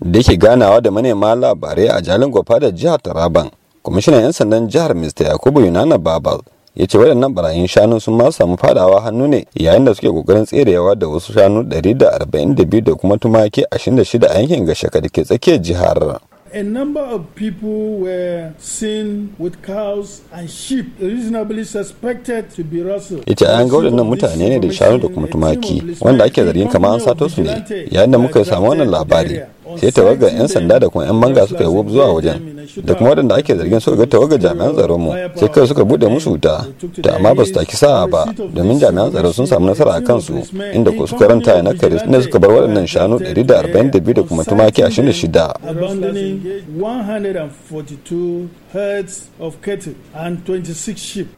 da yake ganawa da manema labarai a jalin gwafa da jihar taraban kwamishinan 'yan sandan jihar mr yakubu yunana babal ya ce waɗannan barayin shanu sun ma samu fadawa hannu ne yayin da suke kokarin tserewa da wasu shanu 142 da kuma tumaki 26 a yankin gashaka da ke tsakiyar jihar a number of people were seen with cows and sheep reasonably suspected to be rustled. Ita an ga waɗannan mutane ne da shanu da kuma tumaki wanda ake zargin kamar an sato su ne yayin da muka samu wannan labari. sai tawagar 'yan sanda da kuma 'yan banga suka yi wub zuwa wajen da kuma wadanda ake zargin suka ga tawagar jami'an tsaron mu sai kai suka bude musu wuta da amma ba su taki sa'a ba domin jami'an tsaro sun samu nasara a kansu inda ko suka ranta na kare inda suka bar waɗannan shanu 142 da kuma tumaki 26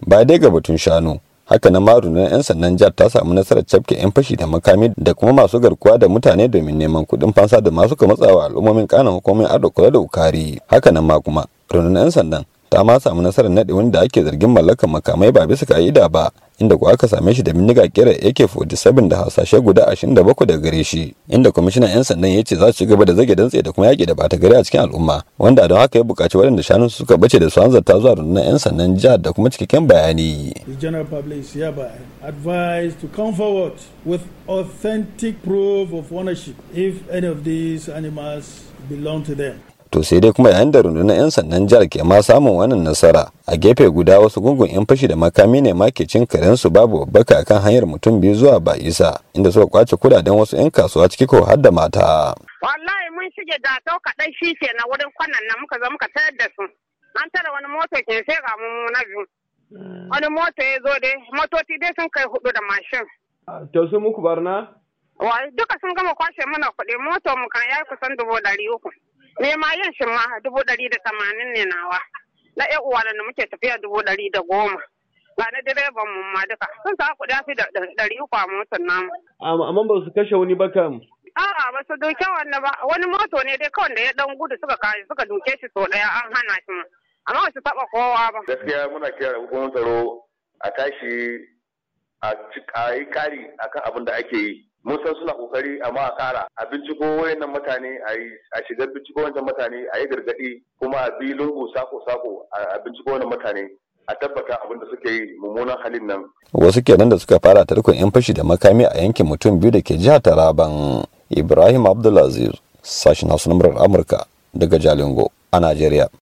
ba dai ga batun shanu haka na marunan 'yan sandan jihar ta samu nasarar cafke 'yan fashi da makami da kuma masu garkuwa da mutane domin neman kuɗin fansa da masu ka matsawa al'ummomin kanan hukumomin ado kula da ukari haka nan ma kuma runan 'yan sandan ta ma samu nasarar naɗe wanda ake zargin mallakar makamai ba bisa ka'ida ba inda kuwa aka same shi da bindiga kera AK-47 da hasashe guda 27 daga gare shi inda kwamishinan 'yan sandan ya ce za su gaba da zage dantse da kuma yaƙi da bata gari a cikin al'umma wanda don haka ya bukaci waɗanda shanun suka bace da su hanzarta zuwa rundunar 'yan sandan jihar da kuma cikakken bayani. general public is hereby to come forward with authentic proof of ownership if any of these animals belong to them. to sai dai kuma yayin da rundunar 'yan sandan jihar ke ma samun wannan nasara a gefe guda wasu gungun 'yan fashi da makami ne ma ke cin karensu babu baka kan hanyar mutum biyu zuwa ba isa inda suka kwace kudaden wasu 'yan kasuwa ciki ko har da mata. wallahi mun shige da to kaɗan shi ke na wurin kwanan nan muka zo muka tayar da su an tara wani mota ke sai ga mu na biyu hmm. wani mota ya zo dai motoci dai sun kai hudu da mashin. to su muku barna? wai duka sun gama kwashe mana kuɗi motar mu kan ya kusan dubu ɗari uku. Nema ma yin shi ma dubu ɗari da tamanin ne nawa na ƴan uwa da muke tafiya dubu ɗari da goma ga na direban mu ma duka sun sa ku dafi da ɗari uku a motar namu. amma ba su kashe wani ba kam. a'a ba su duke wanda ba wani moto ne dai kawai da ya ɗan gudu suka kashe suka duke shi sau ɗaya an hana shi ma amma ba su taɓa kowa ba. gaskiya muna kira da hukumar tsaro a tashi a yi kari akan abin da ake yi mun san suna kokari amma a kara a binciko wayannan mutane a yi binciko wayannan mutane a yi gargadi kuma a bi lungu sako sako a binciko wayannan mutane a tabbata abin da suke yi mummunan halin nan wasu kenan da suka fara tarkon yan fashi da makami a yankin mutum biyu da ke jihar Taraban Ibrahim Abdulaziz sashin Hausa na Amurka daga Jalingo a Najeriya